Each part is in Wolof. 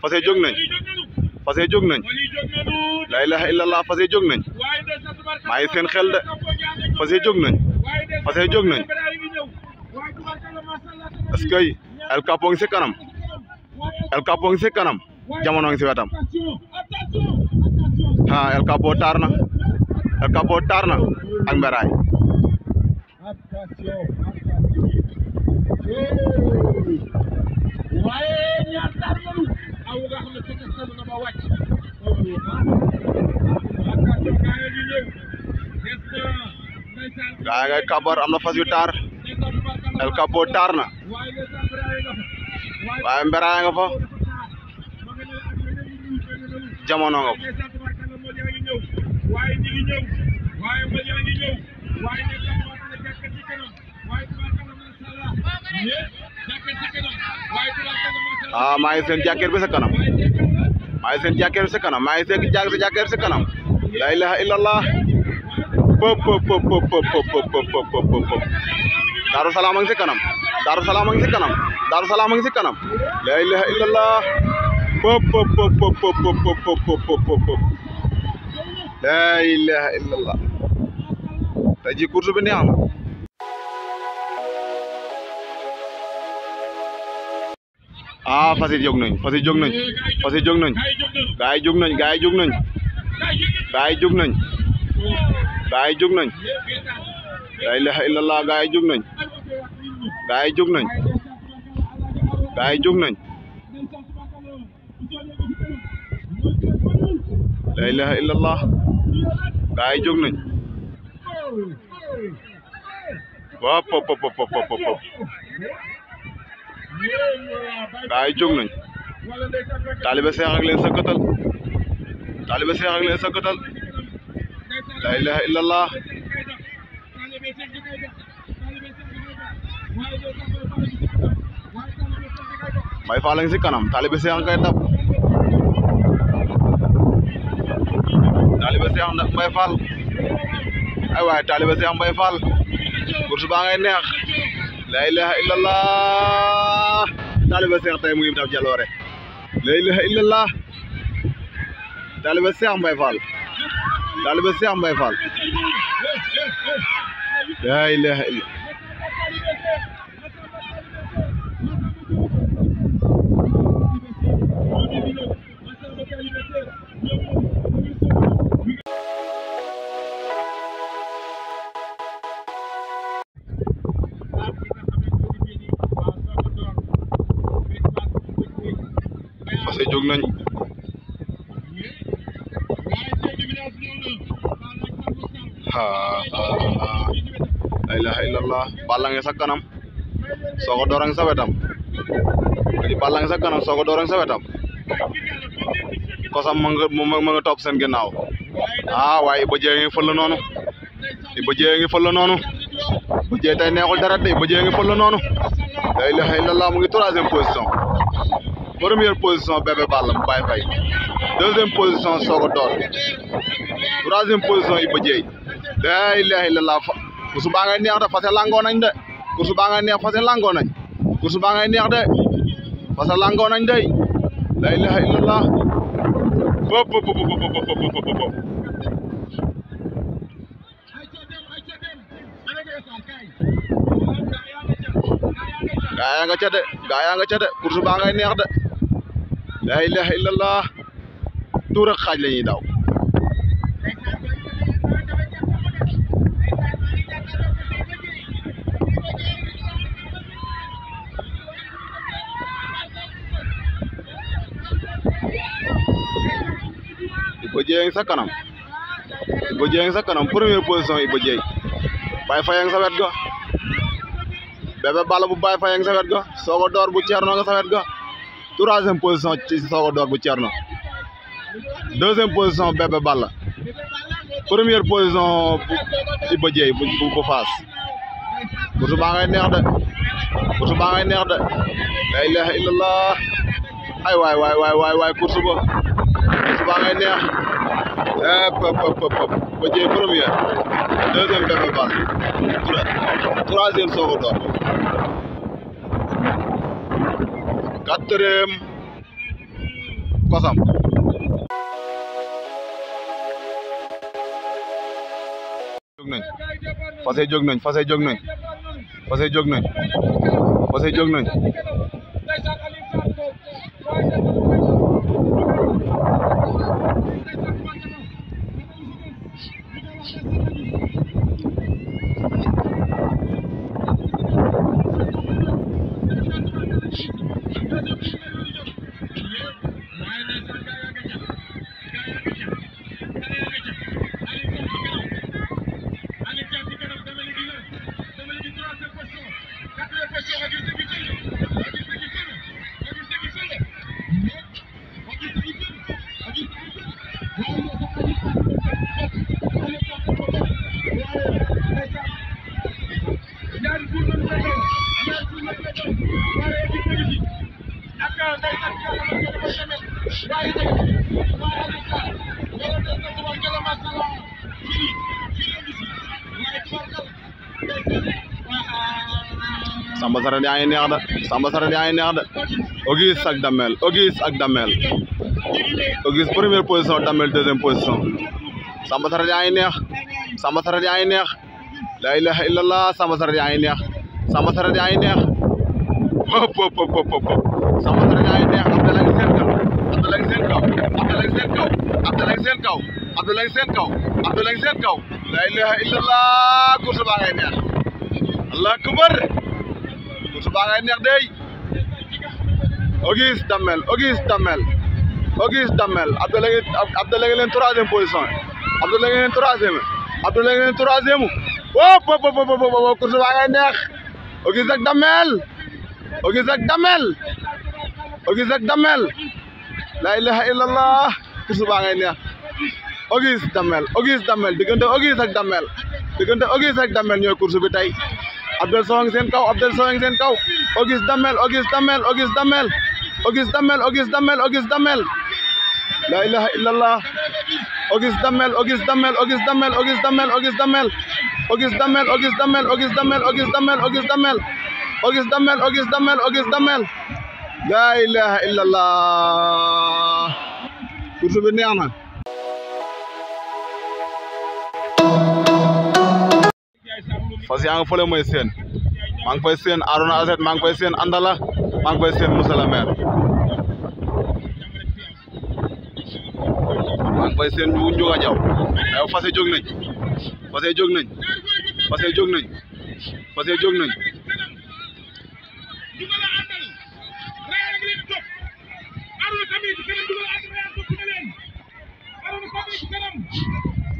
fas jog nañ fas jog nañ la ilaha illallah fas yi jóg nañ may ngi seen xel de fas jog nañ fas jog nañ askay al kapong se kanam al kapong se kanam jamono ngi si wetam ha al kapo tarna al kapo tarna taar na ak mberaay waaye ñaar taar aw nga xam kabar am na fas yu taar El Capo taar na waaye mberaay nga fa jamono nga fa ah maa ngi seen jàkkeer bi sa kanam maa ngi seen jàkkeer kanam maa ngi seen jàkkeer sa jàkkeer bi kanam la ilaha illallah pop pop pop pop pop pop daaru ngi si kanam la ilaha illallah pop pop pop pop pop ah fas yi jóg nañ fas yi jóg nañ fas yi jóg nañ gaa yi jóg nañ gaa yi jóg nañ gaa yi jóg nañ gaa yi jóg nañ la ilaha illallah gaa yi jóg nañ gaa yi jóg nañ gaa yi jóg nañ la ilaha illallah gaa yi jóg nañ wop pop pop pop pop gaa yi jóg nañ taalibe seex ak leen sëkkatal taalibe seex ak leen sëkkatal la ilaha illallah may fa si kanam taalibe seex kay dab taalibe seex ndax mbay faal ay waay taalibe seex mbay faal course baa ngay neex laa ilaha illallah taaliba seex tey mu ngi daf jaloore laa ilaha illallah taaliba Cheikh Mbaye Fall taaliba Cheikh Mbaye Fall laa ilaha illallah Hai jóg nañ la ilaha illallah balla nga ya sa kanam soo ko doorang sa wetam di balla nga ya sa kanam soo ko doorang sa wetam kosam ma nga ma nga topp seen ginnaaw ah waaye ba jee ngi fël noonu ba jee ngi fël noonu ba neexul dara de ba jee ngi fël la ilaha illallah mu ngi troisième position première position Bébé Balla mu Baye Faye deuxième position Soko Dor troisième position Iba Dieye la ilaha illallah kursu baa ngay neex de fase langoo nañ de kursu baa neex langoo nañ kursu neex de fase langoo nañ de la ilaha illallah bopp bopp bopp bopp gaa yaa nga ca de gaa yaa nga de kursu baa neex de La ilaha illallah tuur ak daw Iba sa kanam Iba sa kanam Premier position Iba Dieng Baye sa wet ga bu Baye Faye sa wet ga Soga bu nga sa wet ga troisième position ci sooga door bu Thierno deuxième position Bébé Balla première position Iba Dieye bu bu Fass burtu baa ngay neex de burtu baa ngay neex de la ilaha illallah ay waay waay waay waay waay course baa ngay neex ëpp Iba Dieye première deuxième Bébé Balla troisième door கத்திரம் கொசம் jóg nañ fase jóg nañ fase jóg nañ fase jóg nañ fase jóg nañ Samba Sarete yaa ngi neex da Samba Sarete yaa ngi neex da Auguste ak Damel Auguste ak Damel Auguste première position Damel deuxième position Samba Sarete yaa ngi neex Samba Sarete yaa ngi neex laa ilaha illallah Samba Sarete yaa ngi neex Samba Sarete yaa ngi neex hop hop hop hop Samba Sarete yaa ngi neex Abdoulaye seen kaw Abdoulaye seen kaw Abdoulaye seen kaw Abdoulaye seen kaw Abdoulaye seen kaw Abdoulaye seen kaw laa ilaha illallah course baa ngay neex Allah akbar course baa ngay neex dey Auguste Damel Auguste Damel Auguste Damel Abdoulaye Abdoulaye leen troisième position Abdoulaye leen troisième Abdoulaye leen troisième wop wop wop wop course baa neex Auguste ak Damel Auguste ak Damel Auguste ak Damel la ilaha illallah course baa ngay neex Auguste Damel Auguste tey Abdel Sow a ngi seen kaw Abdel Sow a ngi seen kaw Auguste Damel Auguste Damel Auguste Damel Auguste Damel Auguste Damel Auguste Damel la ilaha illallah Auguste Damel Auguste Damel Auguste Damel Auguste Damel Auguste Damel Auguste Damel Auguste Damel Auguste Damel Auguste Damel Auguste Damel Auguste Damel Auguste Damel Auguste Damel la ilaha illallah kurtu bi neex na fas yaa ngi fële mooy seen maa ngi fay seen Arona Aset maa ngi fay seen Andala maa ngi fay seen Moussa la fay seen ñu Jaw ay fas yi jóg fas yi jóg fas yi jóg fas yi jóg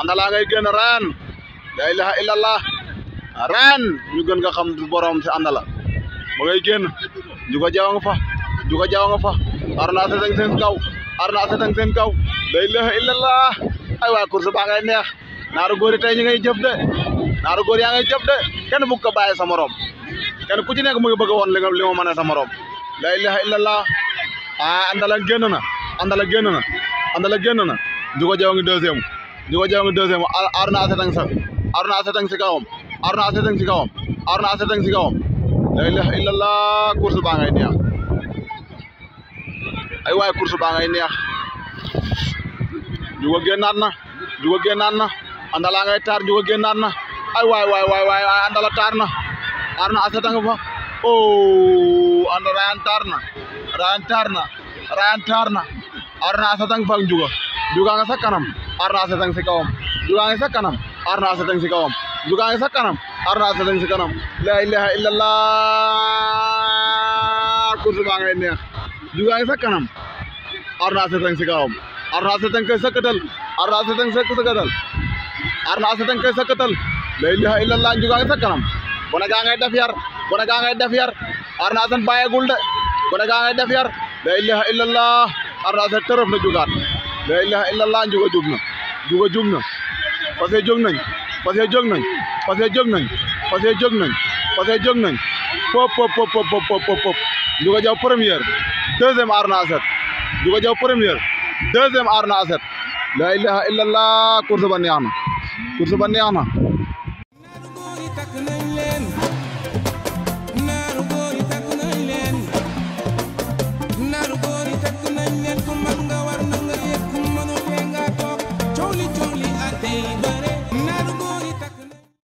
andalaga génn ran la ilaha illallah ran ñu gën nga xam du borom ci andala ba ngay ñu juga jawa nga fa juga jawa nga fa arna sa kau, sen kaw arna sa tang sen kaw la ilaha illallah ay wa kursu ba ngay neex naaru góori tay ñi ngay jëf de naaru kucingnya ya ngay jëf de kenn bu ko baye sa morom kenn ku ci nekk mu bëgg won li nga li mo sa la ilaha illallah ah andala génn na andala génn na andala génn na juga jawa ngi deuxième di yang kedua deuxième arna asetang sa arna asetang si kawam arna asetang si kawam arna asetang si kawam la ilaha illallah kursu kursu ngay ya ayo ayo kursu bangai ngay ya juga génnaat na juga génnaat na anda langai tar juga génnaat na ayo ayo ayo ayo waay andala taar na arna asetang apa oh anda rayan taar na rayan taar na rayan na arna asetang bang juga juga nggak sa arnasetang sikawam jugang isa kanam arnasetang sikawam jugang isa kanam arnasetang sikanam la ilaha illallah kusumangai ne jugang isa kanam arnasetang sikawam arnasetang kaisa katal arnasetang sa kaisa katal arnasetang kaisa katal la ilaha illallah jugang isa kanam bona gangai dafyar bona gangai dafyar arnasan paya gulda bona gangai dafyar la ilaha illallah arnasetang terf na jugaan la ilaha illallah njuga jug na njuga jug na Fass jóg nañ Fass jóg nañ Fass jóg nañ Fass jóg nañ Fass jóg nañ pop pop pop pop pop pop njuga jaw première deuxième arna aset njuga jaw première deuxième arna aset la ilaha laa course ba neex na course ba neex na